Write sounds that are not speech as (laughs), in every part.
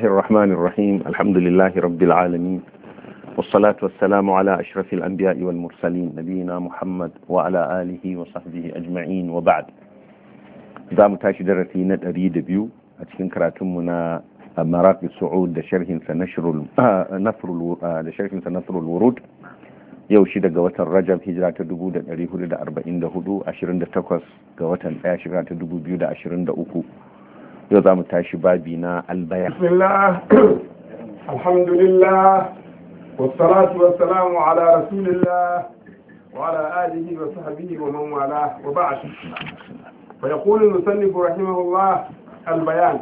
الله الرحمن الرحيم الحمد لله رب العالمين والصلاة والسلام على أشرف الأنبياء والمرسلين نبينا محمد وعلى wa وصحبه أجمعين وبعد za mu tashi darasi na ɗari da biyu a cikin karatunmu na maraƙi su'ud da sharhinsa nasrul wurud yau shi daga watan rajab hijira ta 1444 28 ga watan ɗaya shekara ta 2023 yau za mu tashi babi na albaya والصلاة والسلام على رسول الله وعلى آله وصحبه ومن والاه وبعد فيقول المسنف رحمه الله البيان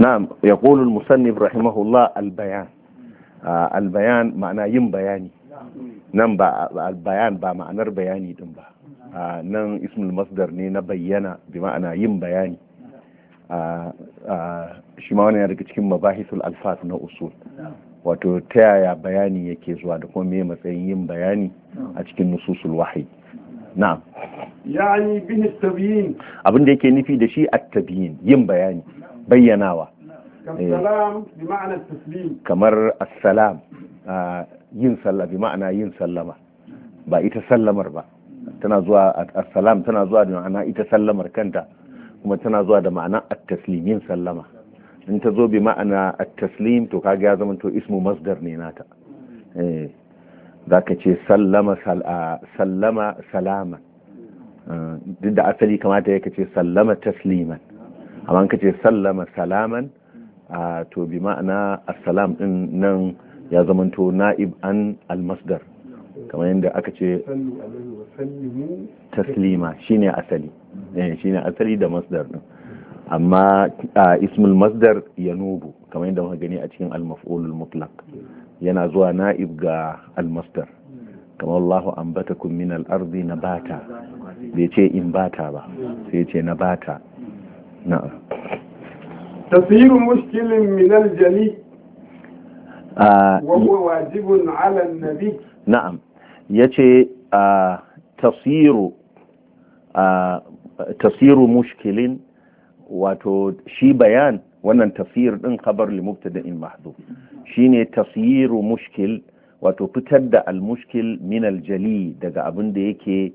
نعم يقول المسنف رحمه الله البيان آه البيان معنى يم بياني نعم البيان با معنى بياني دم با آه نعم اسم المصدر نبينا بمعنى يم بياني shi ma wani daga cikin mabahisul alfas na usul wato ta yaya bayani yake zuwa da kuma mai matsayin yin bayani a cikin nususul wahayi na'am yi bihi tabyin abin da yake nufi da shi a tabiyin yin bayani bayyanawa kamar assalam yin sallama bi ma'ana yin sallama ba ita sallamar ba tana zuwa assalam tana zuwa da ma'ana ita sallamar kanta kuma tana zuwa da ma'ana at taslimin sallama in ta zo bi ma'ana at-taslim to kaga ya zama to ismu masdar ne nata eh, za ka ce sallama sallama salama eh, duk da asali kamata ya kace sallama tasliman amma ka ce sallama salaman to bi ma'ana assalam din nan ya zamanto na'ib an almasdar kamar yadda aka ce taslima shine asali Eh, shi ne asali da masdar din amma ismul masdar ya nubu kamar yadda muka gani a cikin al-maf'ulul mutlaq yana zuwa na'ib ga al-masdar kamar Allahu ambatakum min al-ardi nabata bai ce in bata ba sai ce nabata na'am tasiru mushkilin min al-jali wa wajibun 'ala an-nabi na'am yace tasiru tasiru mushkilin wato shi bayan wannan tafsir din khabar li mubtada'in mahdhuf shine tafsiru mushkil wato fitar da al-mushkil min al-jali daga abin da yake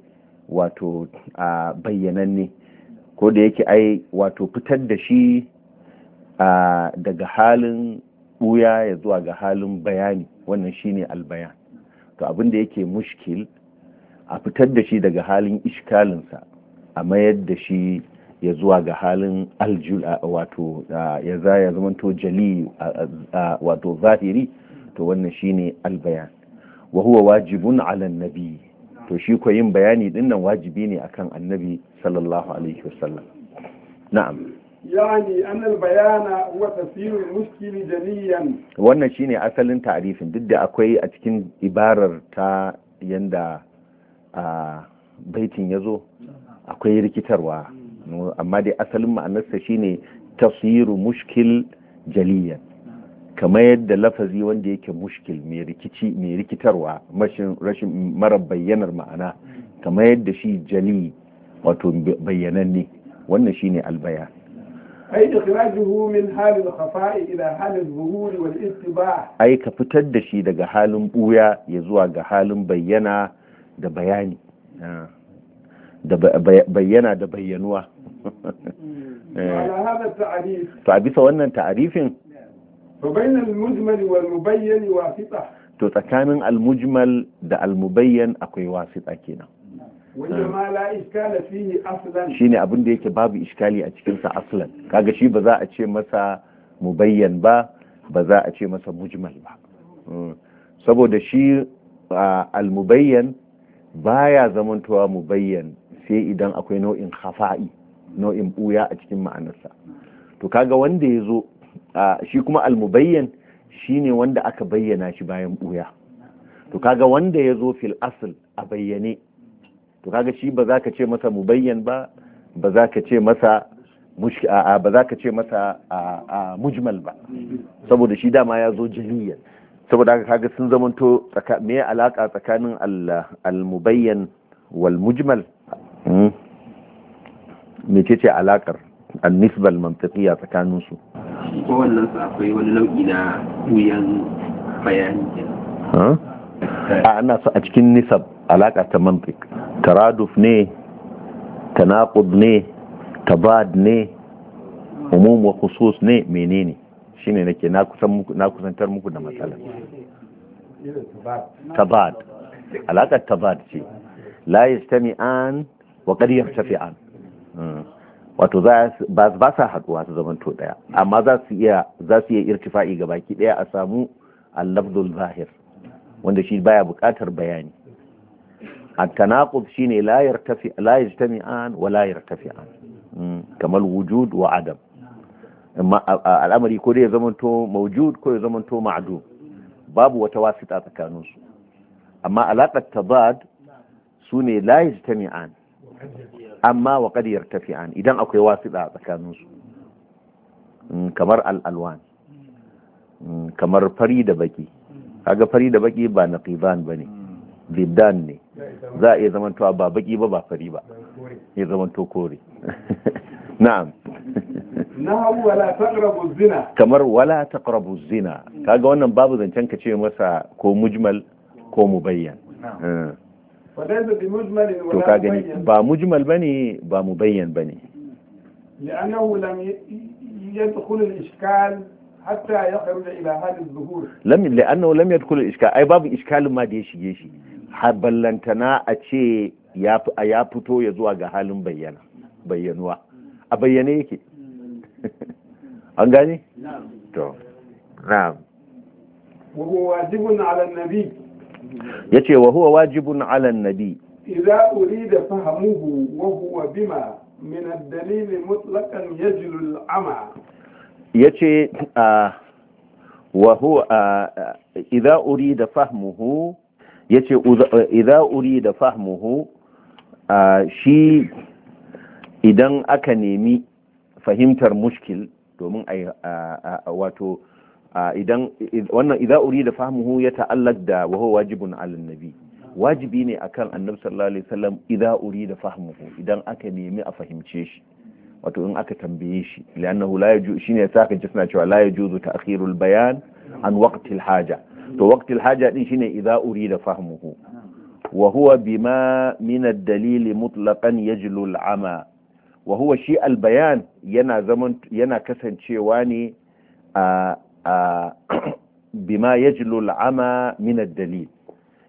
wato a bayyananne ko da yake ai wato fitar da shi daga halin buya ya zuwa ga halin bayani wannan shine al-bayan to abin da yake mushkil a fitar da shi daga halin ishkalinsa a mayar da shi ya zuwa ga halin aljul wato ya za ya to jali wato zahiri to wannan shine albayan wa huwa wajibun ala nabi to shi ko yin bayani din nan wajibi ne akan annabi sallallahu alaihi wasallam na'am yani an bayana wa tafsirul mushkil jaliyan wannan shine asalin ta'rifin duk da akwai a cikin ibarar ta yanda a baitin ya zo akwai rikitarwa amma dai asalin ma'anarsa shine tasiru mushkil jaliyan kamar yadda lafazi wanda yake mushkil mai rikici mai rikitarwa rashin mara bayyanar ma'ana kamar yadda shi jali wato bayyananne wannan shine albaya ai ikhrajuhu min halil khafa'i ila halil zuhuri wal ittiba' ai ka fitar da shi daga halin buya ya zuwa ga halin bayyana da bayani da bayyana da bayyanuwa (laughs) to a bisa wannan ta'arifin to tsakanin almujmal da almubayyan akwai wasita kenan shi ne abin da yake babu iskali a cikinsa aslan kaga shi ba za a ce masa mubayyan ba ba za a ce masa mujmal ba hmm. saboda shi almubayyan baya zamantowa mu bayyan sai idan akwai nau'in hafa'i nau'in buya a cikin ma'anarsa to kaga wanda ya zo shi kuma almubayyan shine wanda aka bayyana shi bayan buya to kaga wanda ya zo fil asl a bayyane to kaga shi ba za ka ce masa mubayyan ba ba za ka ce masa ba za ka ce masa mujmal ba saboda shi dama ya zo jaliyan saboda haka kaga sun zamanto me alaka tsakanin al-mubayyan wal mujmal hmm? mece ce alakar annisbal mantiqiya tsakanin su wannan su akwai wani nau'i na wuyan bayani a ana su a cikin nisab alaka ta mantiq taraduf ne tanaqud ne tabad ne umum wa khusus ne menene shine nake na muku kusantar muku da matsala tabad alaqat tabad ce la yastami'an wa qad yaftafi'an hmm. wato ba sa haduwa su zaman to daya amma za su iya irtifa'i ga baki ɗaya a samu al zahir wanda shi baya bukatar bayani التناقض شيني لا يرتفع لا يجتمعان ولا يرتفعان كما الوجود وعدم al'amari ko dai ya zamanto maujud ko ya zamanto ma'adu babu wata wasita tsakanin su amma alaƙar tabad sune ne ta yajtami'an amma wa qad yartafi'an idan akwai wasita tsakanin su mm, kamar al'alwan mm, kamar fari da baki kaga fari da baki ba naqiban bane bidan ne za a iya zamantowa ba baki ba ba fari ba ya to kore (laughs) na'am kamar wala taqrabu zina kaga wannan babu zancen ka ce masa ko mujmal ko mubayyan eh. to ka gani ba mujmal bane ba mubayyan bane لأنه لم يدخل الإشكال حتى يخرج إلى هذا الظهور لم لأنه لم يدخل الإشكال أي باب إشكال ما ديشي يشي ballantana a ce ya fito ya zuwa ga halin bayyana bayyanuwa a bayyane yake (laughs) an gane? to na'am wajibun ala nabi ya ce wa huwa wajibun ala nabi idza urida fahamuhu wa huwa bima min ad-dalil mutlaqan yajlu al-ama yace ah, wa huwa ah, ah, idza urida fahmuhu ya ce uri da fahmuhu shi idan aka nemi fahimtar mushkil domin a wato idan wannan idza da fahmuhu ya ta'allaq da wa huwa wajibun nabi wajibi ne akan annabi sallallahu alaihi wasallam idza da fahmuhu idan aka nemi a fahimce shi wato in aka tambaye shi li'annahu la yaju shine yasa kan suna cewa la yajuzu ta'khirul bayan an waqtil haja to waqtil haja din shine idza urida fahmuhu wa huwa bima min ad-dalil mutlaqan yajlu al-ama wa huwa shi al-bayan yana zaman yana kasancewa ne a a (coughs) bima yajlu al-ama min ad-dalil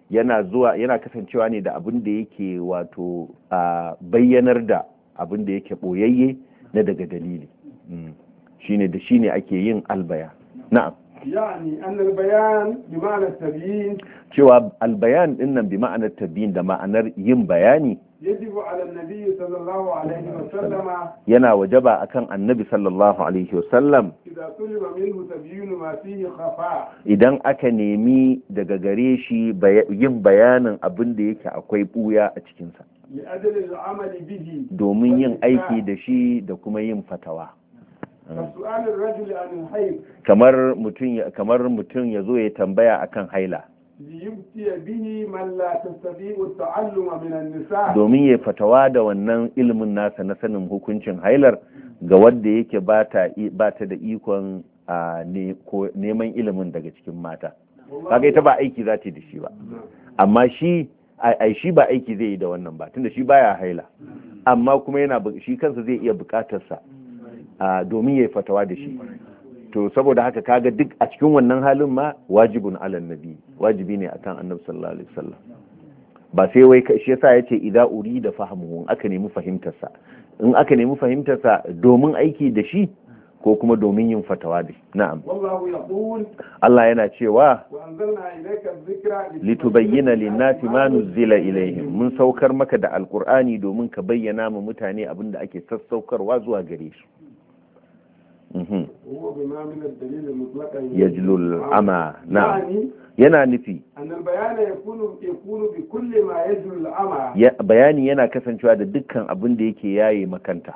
yana zuwa yana kasancewa ne da abin da yake wato a bayyanar da abin da yake boyayye na daga dalili hmm. shine da shine ake yin al-bayan na'am yani annal bayan bi cewa albayan din nan bi ma'anar tabiyin da ma'anar yin bayani yajibu ala nabi sallallahu alaihi wa yana wajaba akan annabi sallallahu alaihi wa sallam idan tuliba minhu ma fihi khafa idan aka nemi daga gare shi yin bayanin abin da yake akwai buya a cikin domin yin aiki da shi da kuma yin fatawa Hmm. kamar mutum ya ya zo ya tambaya akan haila domin ya fatawa da wannan ilimin nasa na sanin hukuncin hailar ga wadda yake ba ta da ikon neman ilimin daga cikin mata kaga ita ba aiki za ta da shi ba amma shi ai shi ba aiki zai yi da wannan ba tunda shi baya haila amma kuma yana shi kansa zai iya bukatarsa domin ya yi fatawa da shi to saboda haka kaga duk a cikin wannan halin ma wajibun alal nabi wajibi ne akan annabi sallallahu alaihi wasallam ba sai wai shi yasa yace idza uri da fahmuhu aka nemi fahimtar sa in aka nemi fahimtar sa domin aiki da shi ko kuma domin yin fatawa da shi na'am Allah yana cewa tubayyana lin-nasi ma nuzila ilaihim mun saukar maka da alqur'ani domin ka bayyana mu mutane abinda ake sassaukarwa zuwa gare su Mhm. yajlu na yana nufi bayani yana kasancewa da dukkan abin da yake yaye makanta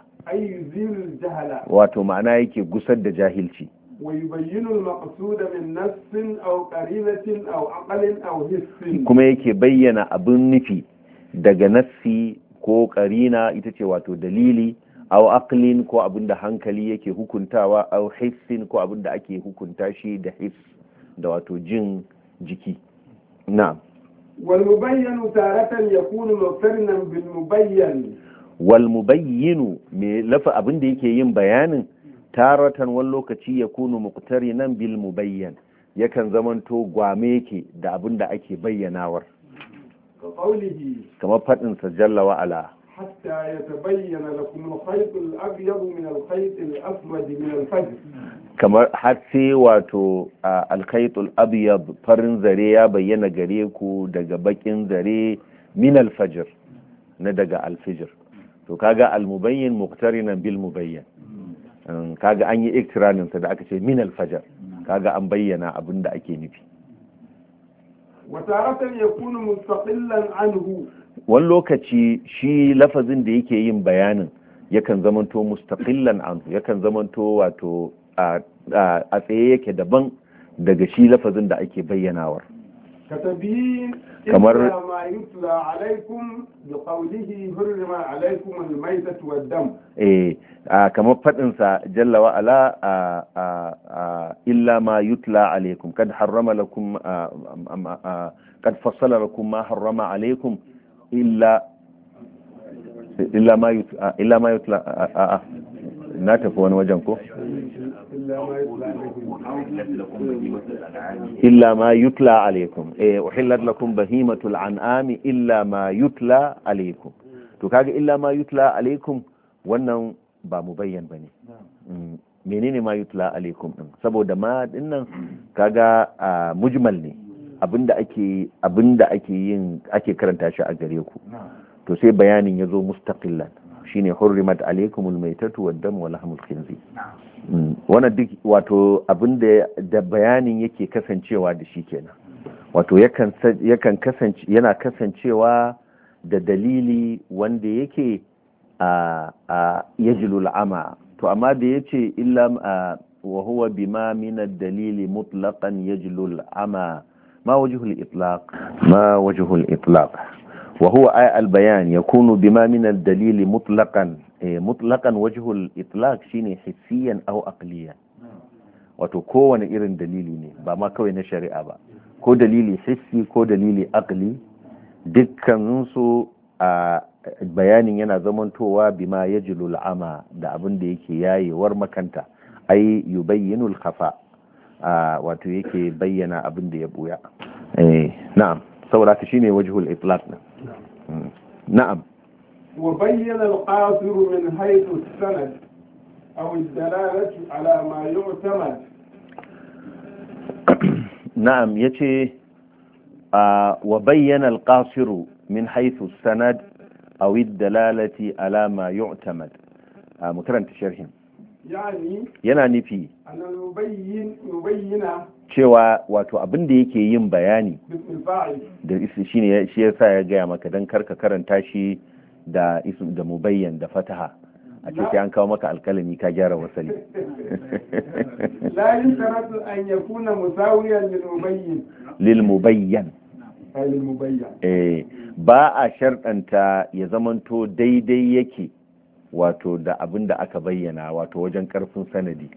wato ma'ana yake gusar da jahilci Kuma yake bayyana abin nufi daga nassi ko karina ita ce wato dalili aw aqlin ko abinda hankali yake hukuntawa aw hissin ko abinda ake hukunta shi da hiss da wato jin jiki na wal mubayyin taratan yakunu muqtarinan bil mubayyin wal mubayyin me lafa abinda yake yin bayanin taratan wani lokaci yakunu muqtarinan bil mubayyin yakan zamanto gwame yake da abinda ake bayyanawar kamar faɗinsa jalla wa'ala حتى يتبين لكم الخيط الأبيض من الخيط الأسود kamar har sai wato alkhaitul abyad farin zare ya bayyana gare ku daga bakin zare min alfajr na daga alfijir to kaga almubayyin muqtarinan bil mubayyan kaga an yi iktiranin da aka ce min alfajr kaga an bayyana abin da ake nufi wa taratan yakunu mustaqillan anhu wani lokaci shi lafazin da yake yin bayanin yakan zamanto mustaqillan anhu yakan zamanto wato a tsaye yake daban daga shi lafazin da ake bayyanawar kamar ma eh kamar fadin sa jalla wa ala illa ma yutla alaikum kad harrama lakum kad fassala lakum ma harrama alaikum illa illa ma yutla a a na tafi wani wajen ko illa ma yutla alaikum eh uhillat lakum bahimatul an'ami illa ma yutla alaikum to kaga illa ma yutla alaikum wannan ba mu bayyan bane mm, menene ma yutla alaikum din saboda ma dinnan kaga mujmal ne abinda ake abinda ake yin ake karanta shi a gare ku to sai bayanin ya zo mustaqillan shine hurrimat alaikumul maitatu wad dam khinzi mm. wannan duk wato abinda da bayanin yake kasancewa da shi kenan wato yakan yakan kasance yana kasancewa da dalili wanda yake a a yajlul ama to amma da yace illa wa huwa bima min ad-dalili mutlaqan yajlul ama ما وجه الإطلاق ما وجه الإطلاق وهو آية البيان يكون بما من الدليل مطلقا مطلقا وجه الإطلاق شيني حسيا أو أقليا wato kowane irin dalili ne ba ma kawai na shari'a ba ko dalili hissi ko dalili akli dukkaninsu a bayanin yana zamantowa bima ya ama da abin da yake yayewar makanta ai bayyanul kafa. wato yake bayyana abin da ya buya na'am saboda ka shine wajhul iflat na na'am wa bayyana al-qasir min haythu sanad aw al dalalatu ala ma yu'tamad na'am yace wa bayyana al-qasir min haythu sanad aw al dalalati ala ma yu'tamad mutaranta sharhin yana nufi cewa wato abin da yake yin bayani da shine shi yasa ya gaya maka don karka karanta shi da da mubayyan da fataha a cikin an kawo maka alkalami ka gyara wasali lalin (laughs) karatu an kuna musawiyan lil mubayyan lil mubayyan eh ba a shardanta ya zamanto daidai yake wato da abin da aka bayyana wato wajen karfin sanadi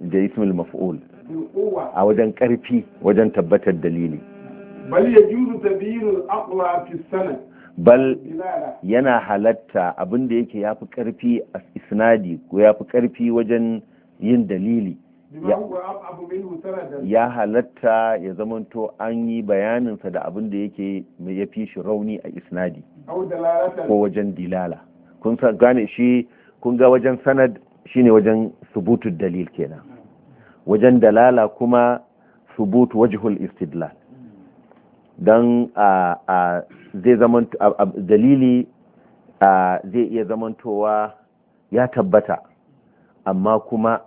da ismul maf'ul a wajen karfi wajen tabbatar dalili bal juzu tabyiinul aqla fi sanad bal yana halatta abin da yake yafi karfi a isnadi ko yafi karfi wajen yin dalili ya halatta ya zamanto an yi bayaninsa da abin da yake ya fi shi rauni a isnadi ko wajen dilala kun gane shi kun ga wajen sanad shine wajen subutu dalil kenan wajen dalala kuma subutu wajhul istidlal don a zai dalili zai iya zamantowa ya tabbata amma kuma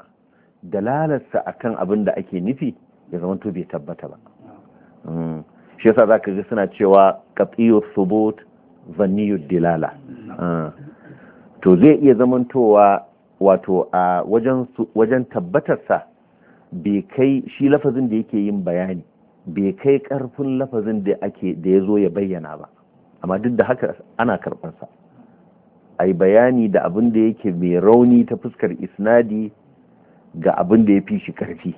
dalalarsa akan abin da ake nufi ya zamanto bai tabbata ba hmm. shi yasa za ka ji suna cewa katsiyo subut zanniyar dilala hmm. ah. to zai iya zamantowa wato a wajen tabbatarsa bai kai shi lafazin da yake yin bayani bai kai karfin lafazin da ake da ya zo ya bayyana ba amma duk da haka ana karɓarsa a yi bayani da abin da yake mai rauni ta fuskar isnadi ga abin da ya fi shi karfi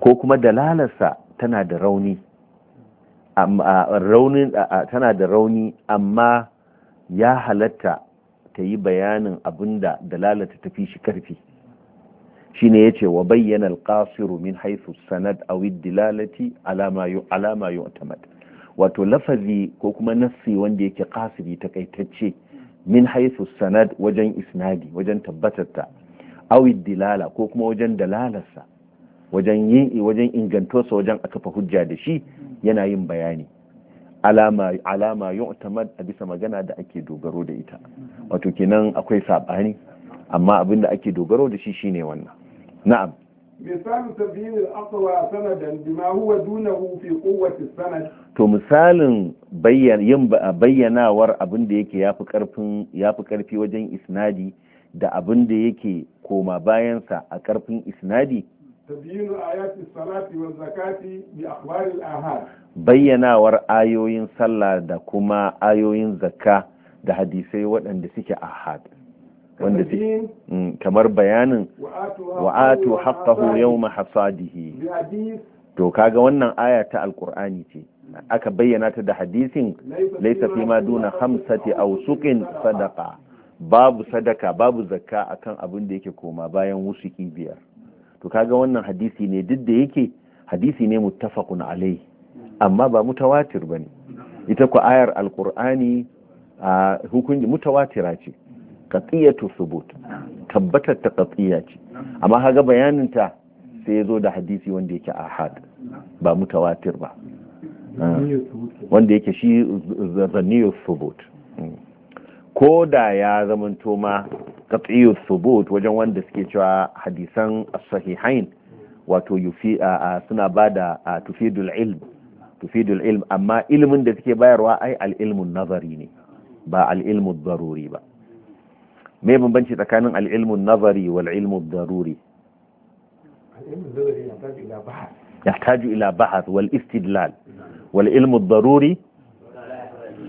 ko kuma dalalarsa tana da rauni tana da rauni amma ya halatta ta yi bayanin abin da dalalata fi shi karfi shine ce wa bayyana al-qasiru min haythu sanad aw ad-dilalati ala ma ala wato lafazi ko kuma nassi wanda yake qasiri takaitacce min haythu sanad wajen isnadi wajen ta aw ad-dilala ko kuma wajen dalalarsa wajen yin wajen ingantosa wajen aka hujja da shi yana yin bayani alama yu'tamad a bisa magana da ake dogaro da ita wato kenan akwai sabani amma abin da ake dogaro da shi shine wannan na'am misalu tabyin al-aqwa sanadan bima huwa dunahu fi quwwati sanad to misalin yin bayyanawar abin da yake yafi karfin yafi karfi wajen isnadi da abin da yake koma bayansa a karfin isnadi تبيين آيات الصلاة والزكاة بأخبار الآهات bayyanawar ayoyin sallah da kuma ayoyin zakka da hadisai waɗanda suke ahad wanda suke kamar bayanin wa'atu haqqahu yawma hasadih to kaga wannan aya ta alqur'ani ce aka bayyana ta da hadisin laysa fi ma duna khamsati aw suqin sadaqa babu sadaka babu zakka akan abin da yake koma bayan wusuki biyar to kaga wannan hadisi ne duk da yake hadisi ne muttafaqun alai amma ba mutawatir bane ita ku ayar alqur'ani a hukunci mutawatira ce qatiyatu thubut tabbatar ta qatiya ce amma kaga bayanin ta sai yazo da hadisi wanda yake ahad ba mutawatir ba wanda yake shi zanniyu thubut hmm. ko da ya zamanto ma qat'iyyu subut wajen wanda suke cewa hadisan sahihain wato yufi suna bada tufidul ilm tufidul ilm amma ilimin da suke bayarwa ai al'ilmun nazari ne ba al'ilmun ilmu daruri ba me bambanci tsakanin al'ilmun ilmu nazari wal ilmu daruri يحتاج إلى wal والاستدلال والعلم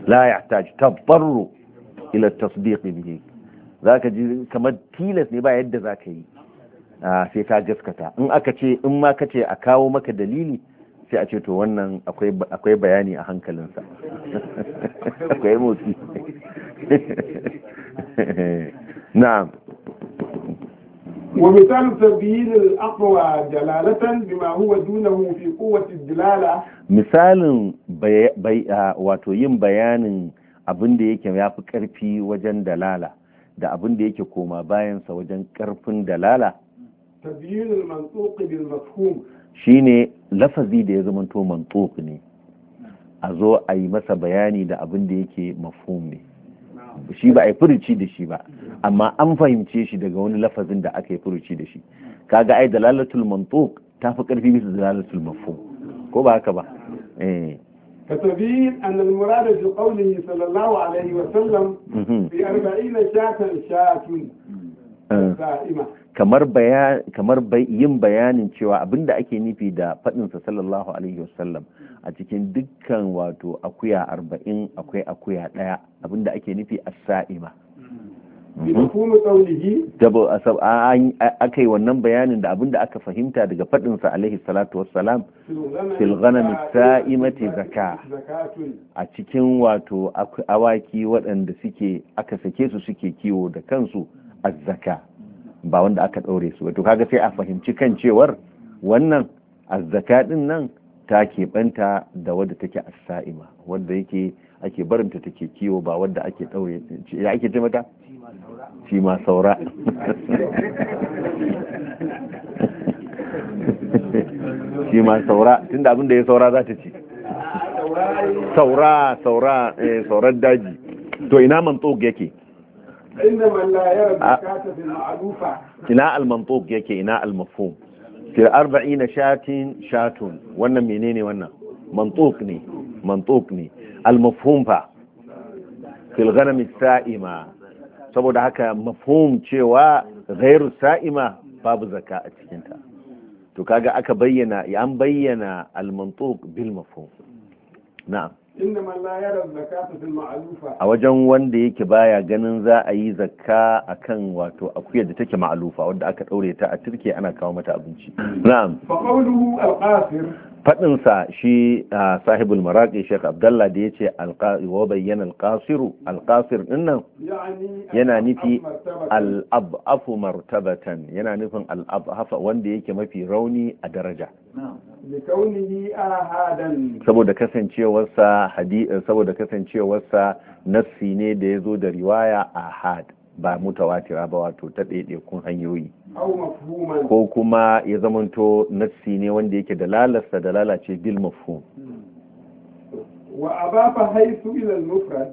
la ya taju تضطر ila tasdiq bihi zaka ji kamar tilas ne ba yadda zaka yi ah, sai ka gaskata in aka ce in ma ka ce a kawo maka dalili sai a ce to wannan akwai bayani a hankalinsa (laughs) akwai motsi (laughs) na'am ومثال تبيين الأقوى جلالة بما هو دونه في قوة الدلالة مثال بي... بي... واتو يم بيان abin da yake ya fi ƙarfi wajen dalala da abin da yake koma bayansa wajen ƙarfin dalala shine lafazi da ya zamanto mantuq ne a zo a yi masa bayani da abin da yake mafhum ne shi ba a yi furuci da shi ba amma an fahimce shi daga wani lafazin da aka yi furuci da shi kaga ai dalalatul mantuq ta fi ƙarfi bisa dalalatul mafhum ko ba haka ba eh. فتبين أن المراد في قوله صلى الله عليه وسلم في أربعين شاة شاة سائمة kamar bayan kamar yin bayanin cewa abinda ake nufi da faɗinsa sallallahu alaihi wasallam a cikin dukkan wato akuya arba'in akwai akuya ɗaya abinda ake nufi as-sa'ima Mhm. mafhumu qawlihi asab an akai wannan bayanin da abinda aka fahimta daga fadin sa alaihi salatu wassalam fil ghanami sa'imati zaka a cikin wato awaki waɗanda suke aka sake su suke kiwo da kansu azzaka ba wanda aka ɗaure su to kaga sai a fahimci kan cewar wannan azzaka din nan ta keɓanta da wadda take as-sa'ima wanda yake ake barinta take kiwo ba wadda ake daure ya ake ce mata shi ma saura shi ma saura tunda abin da ya saura za ta ci saura saura eh saurar daji to ina mantsog yake ina al-mantsog yake ina al-mafhum fil 40 shatin shatun wannan menene wannan mantsog ne mantsog ne al-mafhum sa'ima saboda haka mafhum cewa ghairu sa'ima babu zaka a cikinta, to kaga aka bayyana an bayyana al-mantuq bil mafhum na'am a wajen wanda yake baya ganin za a yi zakka a kan wato akuyar da take ma'alufa wadda aka ɗaure ta a turke ana kawo mata abinci na'am faɗinsa shi a sahibul maraƙi shek abdallah da ya ce wa bayyana alƙasiru alƙasir ɗinnan yana nufi al'abafu martabatan yana nufin al'abafa wanda yake mafi rauni a daraja saboda kasancewarsa saboda kasancewarsa nassi ne da ya zo da riwaya a ahad ba mutawatira ba wato ta ɗaiɗaikun hanyoyi ko kuma ya zamanto nassi ne wanda yake da lalasta da lalace bil mafhum hmm. wa abafa haythu ila al mufrad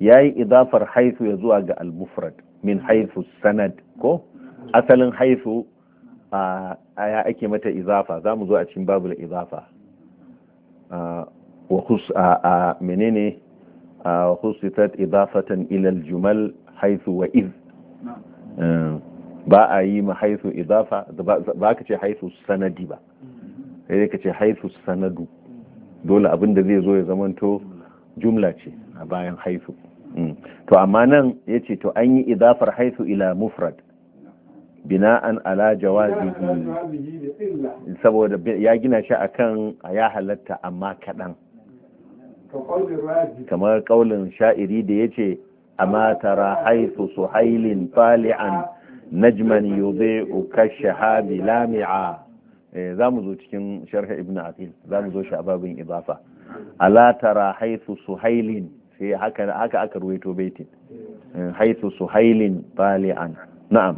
yayi idafar haythu ya zuwa ga al mufrad min haythu sanad ko asalin haythu a ya ake mata izafa zamu zo a cikin babul izafa wa khus a menene khusitat idafatan ila al jumal haythu wa id ba a yi ma haisu idafa ba ka ce haisu sanadi ba sai ka ce haisu sanadu dole abinda zai zo ya zamanto jumla ce a bayan haisu mm. to amma nan ya ce to an yi idafar haisu ila mufrad bina'an ala jawazi saboda ya gina shi akan ya halatta amma kaɗan kamar ƙaulin sha'iri da ya ce amma tara haisu hailin fali'an najman yudhi'u shahabi lami'a eh, za mu zo cikin sharh ibn aqil za mu zo shi a babin idafa ala tara haythu suhailin sai haka haka aka ruwaito baitin eh, haythu suhailin bali'an na'am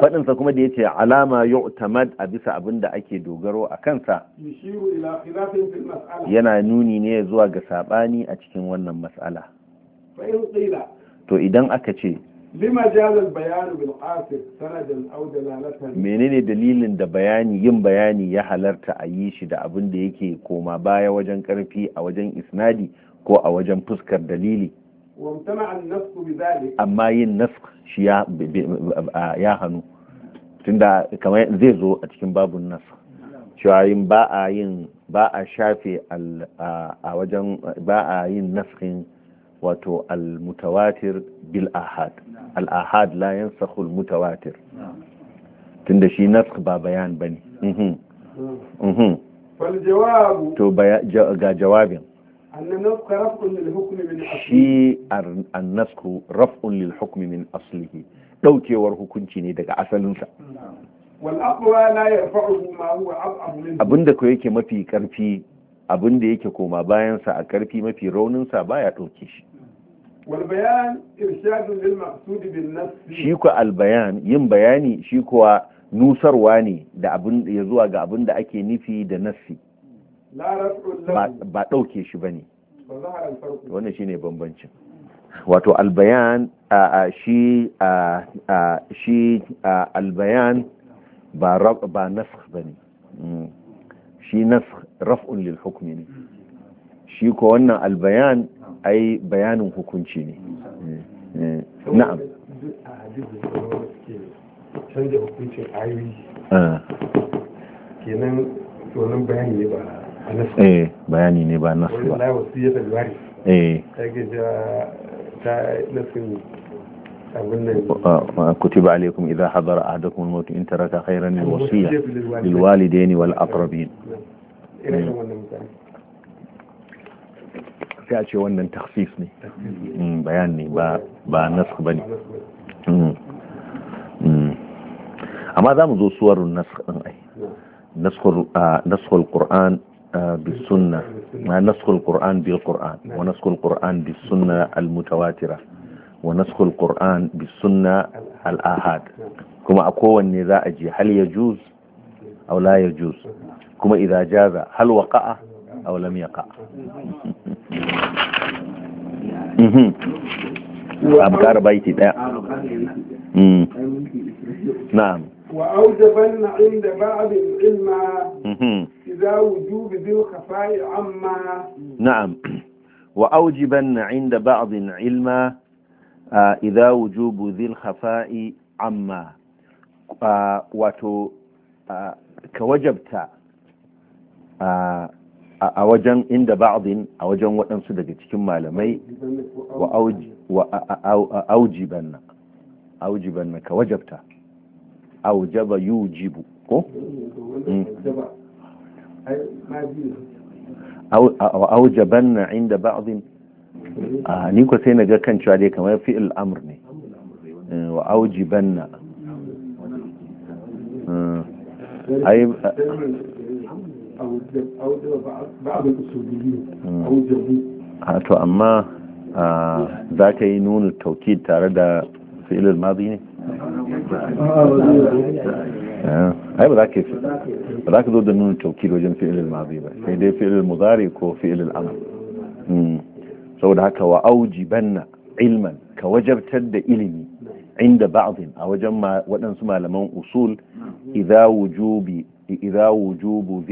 fadin sa kuma da yace alama yu'tamad a bisa abin da ake dogaro a kansa yana nuni ne zuwa ga sabani a cikin wannan mas'ala to idan aka ce lima jalal bil qasib sanadan aw dalalatan menene dalilin da bayani yin bayani ya halarta a yi shi da abin da yake koma baya wajen karfi a wajen isnadi ko a wajen fuskar dalili amma yin nask shi ya hannu tunda kamar zai zo a cikin babun nask cewa yin ba a yin ba a shafe a wajen ba a yin naskin wato al-mutawatir bil ahad al-ahad la yansakhu al-mutawatir tunda shi nask ba bayan bane mhm mhm fal jawab to ga jawabin shi annasku raf'un lil hukmi min aslihi daukewar hukunci ne daga asalinsa abinda ko yake mafi karfi abinda yake koma bayan sa a karfi mafi raunin rauninsa baya dauke shi والبيان إرشاد yin bayani shi kuwa nusarwa ne ya zuwa ga abin da ake nufi da nassi ba ɗauke shi ba ne wannan shine bambancin wato albayan shi albayan ba ba ba ne hmm. shi nasakh raf'un hukmi ne shi ko wannan albayan ai bayanin hukunci ne eh, eh, na'am canja ah. hukuncin ayoyi kenan tonin bayani ne ba nasu eh bayani ne ba nasu ba wani wasu ya tabari eh ta nasu كتب عليكم إذا حضر أحدكم الموت إن ترك خيرا الوصية للوالدين والأقربين. sai a ce wannan takhsis ne mm, bayan ne ba nasu ba ne mm, mm. amma za mu zo suwarun nasu ɗin ai nasu qur'an bisunna nasu qur'an bil qur'an wa nasu qur'an bisunna al mutawatira wa nasu qur'an bisunna al ahad kuma a kowanne za a ji hal ya juz aw la ya juz kuma idan jaza hal waqa'a aw lam yaqa' (laughs) abkar baiti نعم نعم وأوجبن عند بعض العلم إذا وجوب ذي الخفاء عما نعم وأوجبن عند بعض العلم آه، إذا وجوب ذي الخفاء عما آه، وتو ka آه، a wajen inda ba'adin a wajen waɗansu daga cikin malamai wa auji banna auji banna ka wajabta aujaba yujibu ko mm. wa aujabanna inda ba'adin a ni ko sai na ga kan cewa dai kamar fi al'amur ne eh, wa aujibanna mm. ai a to amma za ka yi nuna taukid tare da fi'ilul mazi ne ai ba za ka ba za ka zo da nuna taukid wajen fi'ilul mazi ba sai dai fi'ilul muzari ko fi'ilul amr saboda haka wa auji banna ilman ka wajabtar da ilimi inda ba'din a wajen waɗansu malaman usul idza wujubi idza wujubu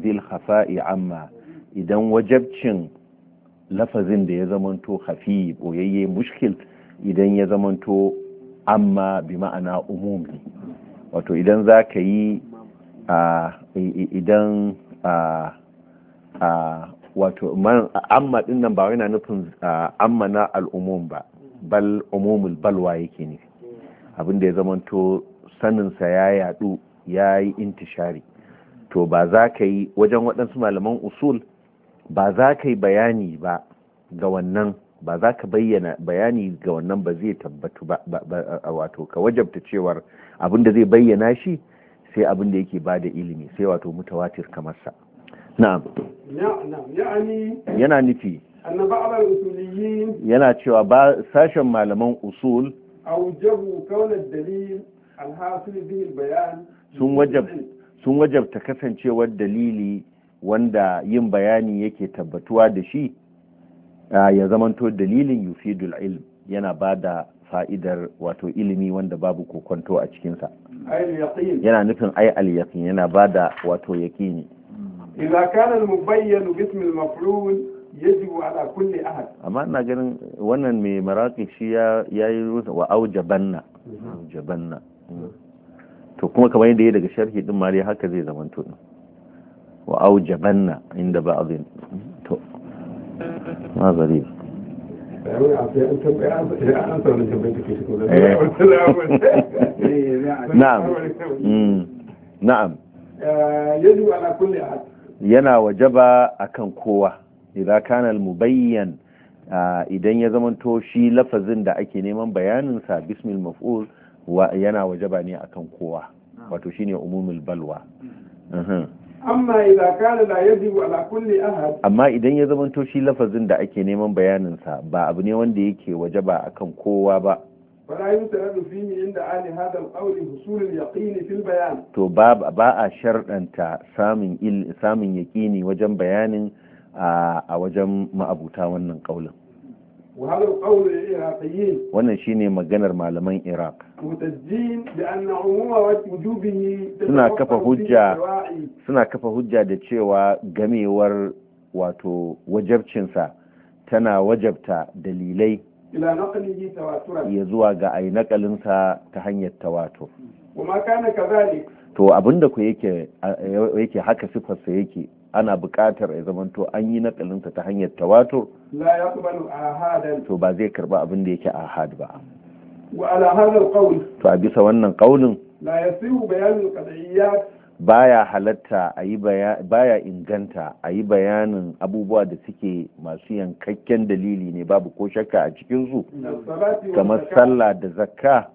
dhil khafa'i amma idan wajabcin lafazin da ya zamanto khafi boyayye mushkil idan ya zamanto amma bi ma'ana umumi wato idan za ka yi idan wato amma din nan ba yana nufin amma na al'umum ba bal umumul balwa yake ne abinda ya zamanto saninsa ya yadu yayi intishari to ba za ka yi wajen waɗansu malaman usul ba za ka yi bayani ba ga wannan ba za ka bayyana bayani ga wannan ba zai tabbatu ba wato ka wajabta cewar abinda zai bayyana shi sai abinda yake ba da ilimi sai wato mutawatir kamar sa na'am yana nufi yana cewa ba sashen malaman usul sun wajabta kasancewar dalili wanda yin bayani yake tabbatuwa da shi ya zamanto dalilin yufidul ilm yana ba da fa'idar wato ilimi wanda babu kokonto a cikinsa yana nufin ai al yana ba da wato yaƙini. إذا كان المبين باسم المفعول yajibu ala kulli ahad amma ina ganin wannan mai maraki shi ya yi rusa wa aujabanna mhm. aujabanna to kuma kamar yadda ya daga sharhi din mari haka zai zama to wa aujabanna inda ba abin to ma zari eh, na'am mm. na'am eh, yana wajaba akan kowa idan kana al-mubayyan idan ya zamanto shi lafazin da ake neman bayanin sa bismil maf'ul yana wajaba ne akan kowa wato shine umumul balwa amma idan kana la yajibu ala kulli ahad amma idan ya zamanto shi lafazin da ake neman bayanin sa ba abu ne wanda yake wajaba akan kowa ba فلا يترد فيه عند أهل هذا القول حصول اليقين في bayan. to ba ba a sharɗanta samun il samun yaqini wajen bayanin a wajen ma'abuta wannan kaulin wannan shi ne maganar malaman iraq suna kafa hujja da cewa gamewar wato wajabcinsa tana wajabta dalilai ya zuwa ga ai nakalinsa ta hanyar tawatur to abinda ku yake haka sifarsa yake ana buƙatar ya zamanto an yi nakalinsa ta hanyar tawatur to ba zai karba abin da yake ahad ba to a bisa wannan ƙaunin la yasihu bayanul qad'iyat baya halatta a yi baya inganta a yi bayanin abubuwa da suke masu yankakken dalili ne babu ko shakka a cikinsu kamar sallah da zakka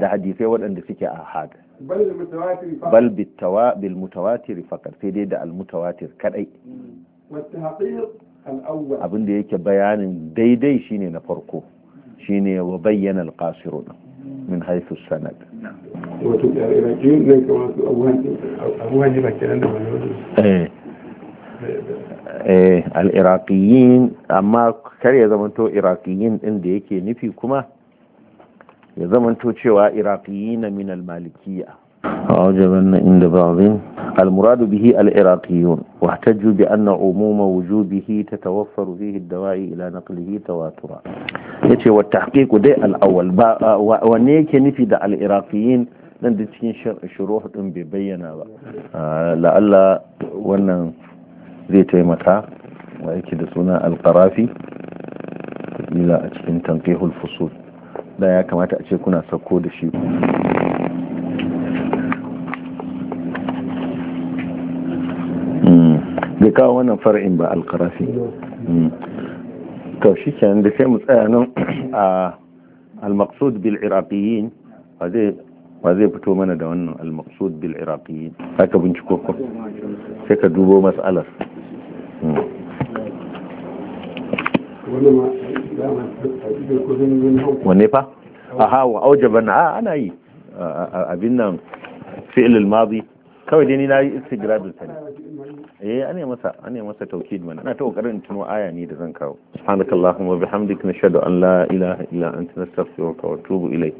da hadisai waɗanda suke ahad bal bil mutawatir fakar sai dai da al mutawatir kadai abin da yake bayanin daidai shine na farko shine wa bayyana al qasirun min haisu sanad al-iraqiyin amma kar ya zamanto iraqiyin din da yake nufi kuma ya zamanto cewa iraqiyin min al عجبا عند بعضهم المراد به العراقيون واحتجوا بأن عموم وجوبه تتوفر فيه الدواعي إلى نقله تواترا يتي والتحقيق دي الأول ونيك نفي دا العراقيين nan da cikin shuruhu din bai bayyana ba la'alla wannan zai taimaka wa da suna alkarafi kila a cikin tankihul fusul da ya kamata a ce kuna sauko da shi bai kawo wannan fara'in ba alkarafi mm. to shi kenan da sai mu tsaya nan a al-maqsud bil iraqiyin ba zai fito mana da wannan al-maqsud bil iraqiyin haka binciko ko sai ka dubo mas'alar mm. wanne fa aha wa aujaba na ana yi abin nan fi'il al-madi kawai dai ni na yi istigradu ta ne eh ane masa ane masa tauhid mana ina ta kokarin tuno aya ni da zan kawo subhanakallahumma bihamdika nashhadu an la ilaha illa anta nastaghfiruka wa atubu ilayk